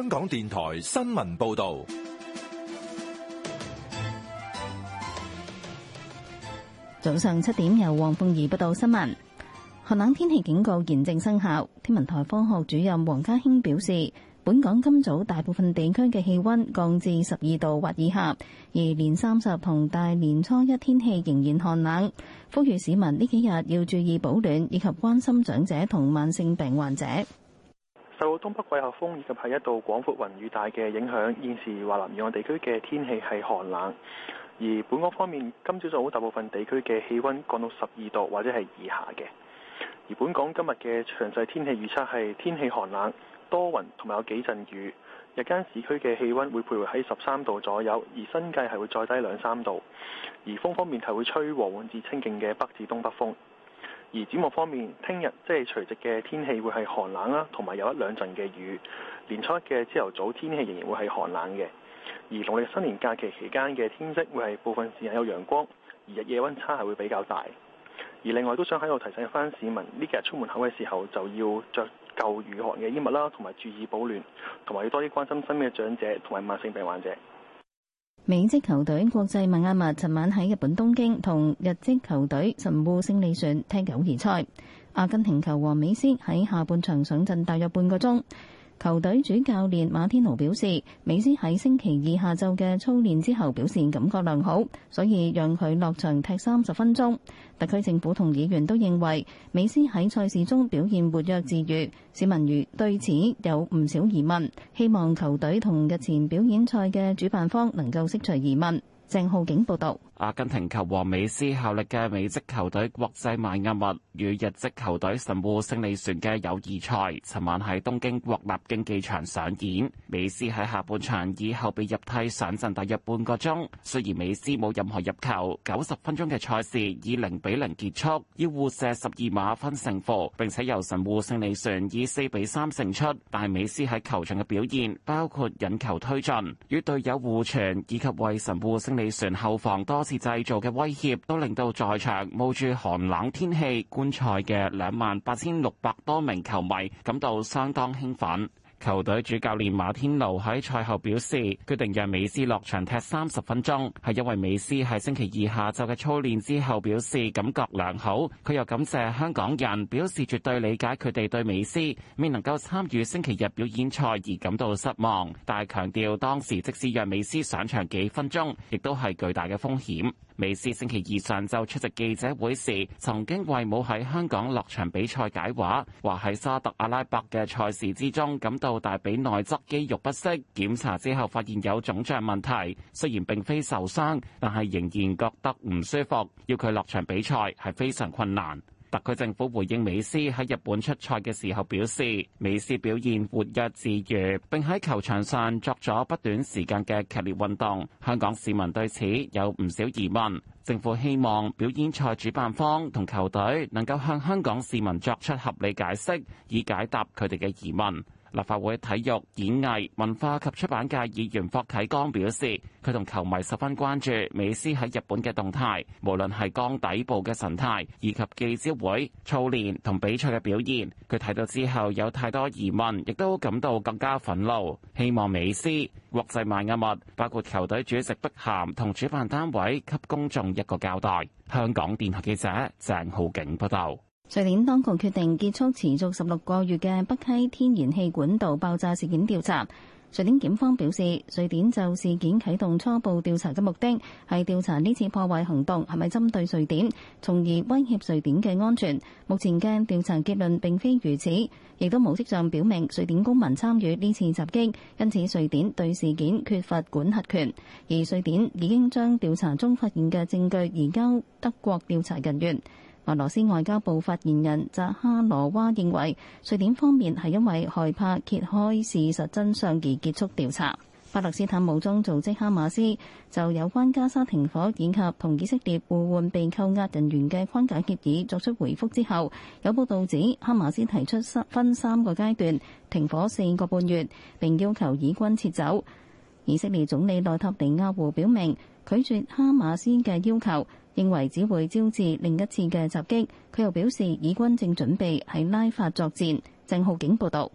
香港電台新聞報道，早上七點由黃鳳儀報道新聞。寒冷天氣警告現正生效。天文台科學主任黃家興表示，本港今早大部分地區嘅氣溫降至十二度或以下，而年三十同大年初一天氣仍然寒冷。呼籲市民呢幾日要注意保暖，以及關心長者同慢性病患者。受東北季候風以及係一道廣闊雲雨帶嘅影響，現時華南沿岸地區嘅天氣係寒冷，而本港方面今朝早好大部分地區嘅氣温降到十二度或者係以下嘅。而本港今日嘅詳細天氣預測係天氣寒冷、多雲同埋有幾陣雨。日間市區嘅氣温會徘徊喺十三度左右，而新界係會再低兩三度。而風方面係會吹和緩至清勁嘅北至東北風。而展望方面，聽日即係除夕嘅天氣會係寒冷啦，同埋有一兩陣嘅雨。年初一嘅朝頭早天氣仍然會係寒冷嘅。而農曆新年假期期間嘅天色會係部分時間有陽光，而日夜温差係會比較大。而另外都想喺度提醒翻市民，呢幾日出門口嘅時候就要着夠御寒嘅衣物啦，同埋注意保暖，同埋要多啲關心身邊嘅長者同埋慢性病患者。美職球隊國際邁阿密尋晚喺日本東京同日職球隊神戶勝利船踢友誼賽，阿根廷球王美斯喺下半場上陣大約半個鐘。球隊主教練馬天奴表示，美斯喺星期二下晝嘅操練之後表現感覺良好，所以讓佢落場踢三十分鐘。特區政府同議員都認為美斯喺賽事中表現活躍自如，市民如對此有唔少疑問，希望球隊同日前表演賽嘅主辦方能夠釋除疑問。鄭浩景報道。阿根廷球王美斯效力嘅美職球隊國際邁阿密與日職球隊神戶勝利船嘅友誼賽，尋晚喺東京國立競技場上演。美斯喺下半場以後備入替上陣大約半個鐘，雖然美斯冇任何入球，九十分鐘嘅賽事以零比零結束，要互射十二碼分勝負，並且由神戶勝利船以四比三勝出。但美斯喺球場嘅表現，包括引球推進、與隊友互傳，以及為神戶勝利船後防多製造嘅威脅都令到在場冒住寒冷天氣觀賽嘅兩萬八千六百多名球迷感到相當興奮。球隊主教練馬天奴喺賽後表示，決定讓美斯落場踢三十分鐘，係因為美斯喺星期二下晝嘅操練之後表示感覺良好。佢又感謝香港人，表示絕對理解佢哋對美斯未能夠參與星期日表演賽而感到失望，但係強調當時即使讓美斯上場幾分鐘，亦都係巨大嘅風險。美斯星期二上晝出席記者會時，曾經為冇喺香港落場比賽解話，話喺沙特阿拉伯嘅賽事之中感到大髀內側肌肉不適，檢查之後發現有腫脹問題，雖然並非受傷，但係仍然覺得唔舒服，要佢落場比賽，係非常困難。特區政府回應美斯喺日本出賽嘅時候表示，美斯表現活躍自如，並喺球場上作咗不短時間嘅劇烈運動。香港市民對此有唔少疑問，政府希望表演賽主辦方同球隊能夠向香港市民作出合理解釋，以解答佢哋嘅疑問。立法會體育演藝文化及出版界議員霍啟剛表示，佢同球迷十分關注美斯喺日本嘅動態，無論係江底部嘅神態，以及記者會、操練同比賽嘅表現。佢睇到之後有太多疑問，亦都感到更加憤怒，希望美斯、國際邁亞密，包括球隊主席碧咸同主辦單位，給公眾一個交代。香港電台記者鄭浩景報道。瑞典當局決定結束持續十六個月嘅北溪天然氣管道爆炸事件調查。瑞典檢，檢方表示，瑞典就事件啟動初步調查嘅目的係調查呢次破壞行動係咪針對瑞典，從而威脅瑞典嘅安全。目前嘅調查結論並非如此，亦都冇跡象表明瑞典公民參與呢次襲擊，因此瑞典對事件缺乏管轄權。而瑞典已經將調查中發現嘅證據移交德國調查人員。俄羅斯外交部發言人扎哈羅娃認為，瑞典方面係因為害怕揭開事實真相而結束調查。巴勒斯坦武裝組織哈馬斯就有關加沙停火以及同以色列互換被扣押人員嘅框架協議作出回覆之後，有報道指哈馬斯提出分三個階段停火四個半月，並要求以軍撤走。以色列總理內塔尼亞胡表明拒絕哈馬斯嘅要求。認為只會招致另一次嘅襲擊。佢又表示，以軍正準備喺拉法作戰。鄭浩景報道。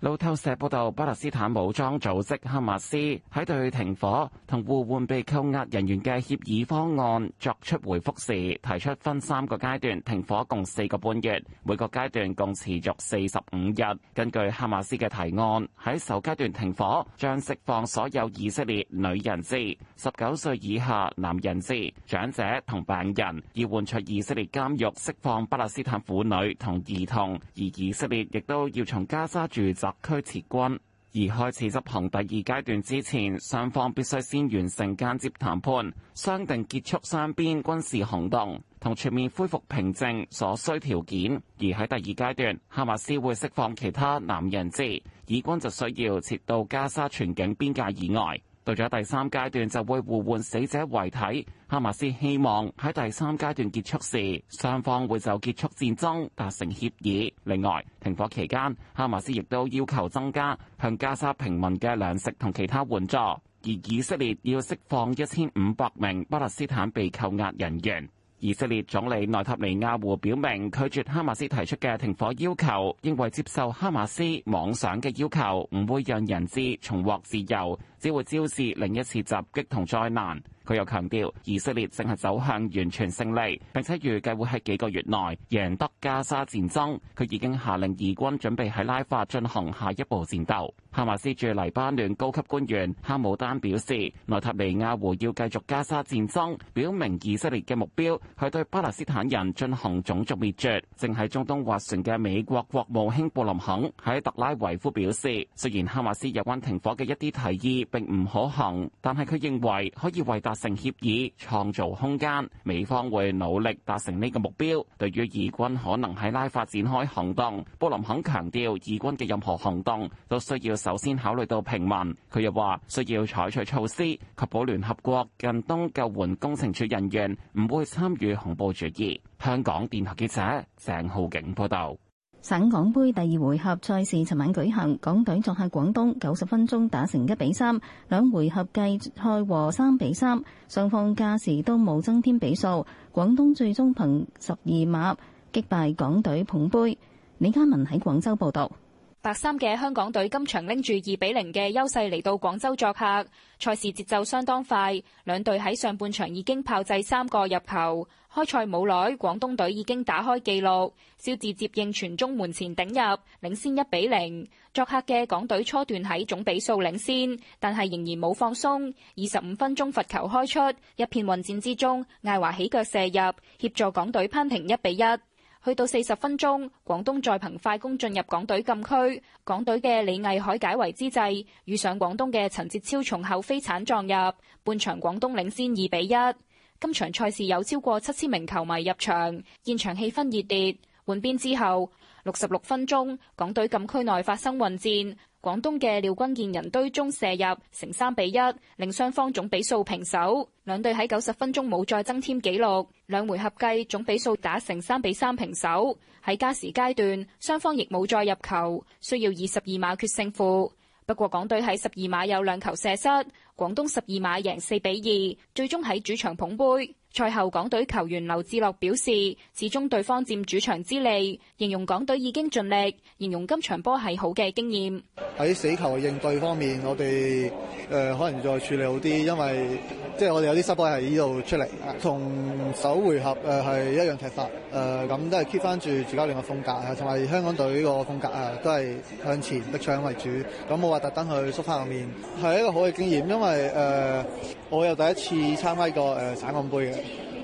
路透社報道，巴勒斯坦武裝組織哈馬斯喺對停火同互換被扣押人員嘅協議方案作出回覆時，提出分三個階段停火，共四個半月，每個階段共持續四十五日。根據哈馬斯嘅提案，喺首階段停火，將釋放所有以色列女人質、十九歲以下男人質、長者同病人，要換出以色列監獄釋放巴勒斯坦婦女同兒童。而以色列亦都要從加沙住宅特區撤軍，而開始執行第二階段之前，雙方必須先完成間接談判，商定結束三邊軍事行動同全面恢復平靜所需條件。而喺第二階段，哈馬斯會釋放其他男人質，以軍就需要撤到加沙全境邊界以外。到咗第三階段就會互換死者遺體。哈馬斯希望喺第三階段結束時，雙方會就結束戰爭達成協議。另外，停火期間，哈馬斯亦都要求增加向加沙平民嘅糧食同其他援助，而以色列要釋放一千五百名巴勒斯坦被扣押人員。以色列總理內塔尼亞胡表明拒絕哈馬斯提出嘅停火要求，認為接受哈馬斯妄想嘅要求唔會讓人質重獲自由。只會招致另一次襲擊同災難。佢又強調，以色列正係走向完全勝利，並且預計會喺幾個月內贏得加沙戰爭。佢已經下令以軍準備喺拉法進行下一步戰鬥。哈馬斯駐黎巴嫩高級官員哈姆丹表示，內塔尼亞胡要繼續加沙戰爭，表明以色列嘅目標係對巴勒斯坦人進行種族滅絕。正喺中東斡旋嘅美國國務卿布林肯喺特拉維夫表示，雖然哈馬斯有關停火嘅一啲提議。並唔可行，但係佢認為可以為達成協議創造空間。美方會努力達成呢個目標。對於以軍可能喺拉法展開行動，布林肯強調，以軍嘅任何行動都需要首先考慮到平民。佢又話，需要採取措施，確保聯合國近東救援工程處人員唔會參與恐怖主義。香港電台記者鄭浩景報道。省港杯第二回合賽事尋晚舉行，港隊作客廣東，九十分鐘打成一比三，兩回合計賽和三比三，雙方加時都冇增添比數，廣東最終憑十二碼擊敗港隊捧杯。李嘉文喺廣州報道。白衫嘅香港隊今場拎住二比零嘅優勢嚟到廣州作客，賽事節奏相當快，兩隊喺上半場已經炮製三個入球。開賽冇耐，廣東隊已經打開紀錄，肖智接應傳中門前頂入，領先一比零。作客嘅港隊初段喺總比數領先，但係仍然冇放鬆。二十五分鐘罰球開出，一片混戰之中，艾華起腳射入，協助港隊扳平一比一。去到四十分鐘，廣東再憑快攻進入港隊禁區，港隊嘅李毅海解圍之際，遇上廣東嘅陳哲超從後飛鏟撞入，半場廣東領先二比一。今場賽事有超過七千名球迷入場，現場氣氛熱烈。換邊之後66分鐘，港隊禁區內發生混戰，廣東嘅廖軍健人堆中射入，成三比一，令雙方總比數平手。兩隊喺九十分鐘冇再增添紀錄，兩回合計總比數打成三比三平手。喺加時階段，雙方亦冇再入球，需要以十二碼決勝負。不過港隊喺十二碼有兩球射失。廣東十二碼贏四比二，最終喺主場捧杯。賽後港隊球員劉志樂表示，始終對方佔主場之利，形容港隊已經盡力，形容今場波係好嘅經驗。喺死球應對方面，我哋誒、呃、可能再處理好啲，因為即係我哋有啲失波係呢度出嚟。同首回合誒係一樣踢法，誒、呃、咁都係 keep 翻住主教練嘅風格啊，同埋香港隊呢個風格啊，都係向前逼搶為主，咁冇話特登去縮翻後面，係一個好嘅經驗，因為。係誒、呃、我又第一次參加一個誒、呃、省港杯嘅，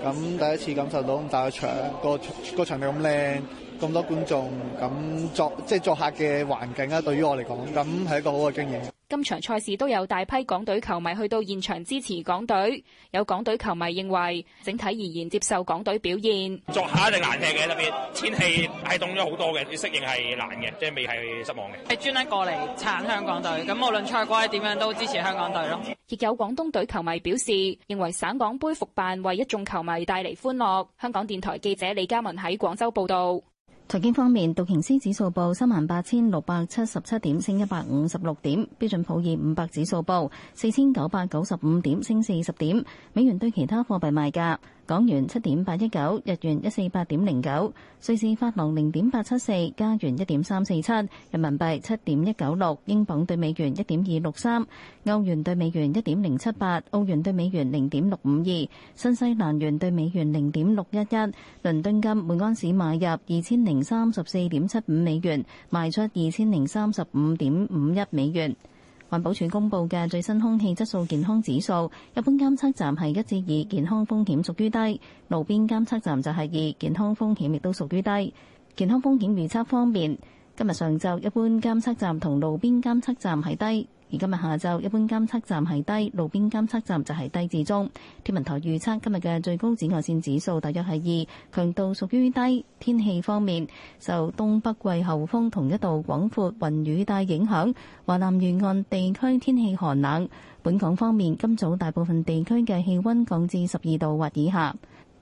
咁、嗯、第一次感受到咁大嘅場，個個場地咁靚，咁多觀眾，咁、嗯、作即係作客嘅環境啊，對於我嚟講，咁、嗯、係一個好嘅經驗。今場賽事都有大批港隊球迷去到現場支持港隊，有港隊球迷認為整體而言接受港隊表現，作客係難聽嘅，特別天氣係凍咗好多嘅，要適應係難嘅，即係未係失望嘅。係專登過嚟撐香港隊，咁無論賽果係點樣都支持香港隊咯。亦有廣東隊球迷表示，認為省港杯復辦為一眾球迷帶嚟歡樂。香港電台記者李嘉文喺廣州報道。財經方面，道瓊斯指數報三萬八千六百七十七點，升一百五十六點；標準普爾五百指數報四千九百九十五點，升四十點。美元對其他貨幣賣價。港元七點八一九，日元一四八點零九，瑞士法郎零點八七四，加元一點三四七，人民幣七點一九六，英鎊對美元一點二六三，歐元對美元一點零七八，澳元對美元零點六五二，新西蘭元對美元零點六一一，倫敦金每盎司買入二千零三十四點七五美元，賣出二千零三十五點五一美元。環保署公布嘅最新空氣質素健康指數，一般監測站係一至二，健康風險屬於低；路邊監測站就係二，健康風險亦都屬於低。健康風險預測方面，今日上晝一般監測站同路邊監測站係低。而今日下晝，一般監測站係低，路邊監測站就係低至中。天文台預測今日嘅最高紫外線指數大約係二，強度屬於低。天氣方面，受東北季候風同一道廣闊雲雨帶影響，華南沿岸地區天氣寒冷。本港方面，今早大部分地區嘅氣溫降至十二度或以下。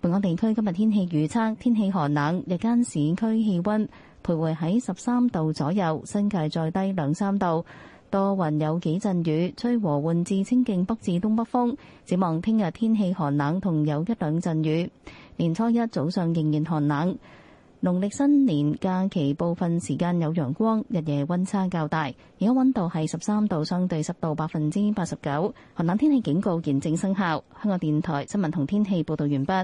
本港地區今日天氣預測，天氣寒冷，日間市區氣溫徘徊喺十三度左右，新界再低兩三度。多雲有幾陣雨，吹和緩至清勁北至東北風。展望聽日天氣寒冷，同有一兩陣雨。年初一早上仍然寒冷。農曆新年假期部分時間有陽光，日夜溫差較大。而家溫度係十三度，相對濕度百分之八十九。寒冷天氣警告現正生效。香港電台新聞同天氣報道完畢。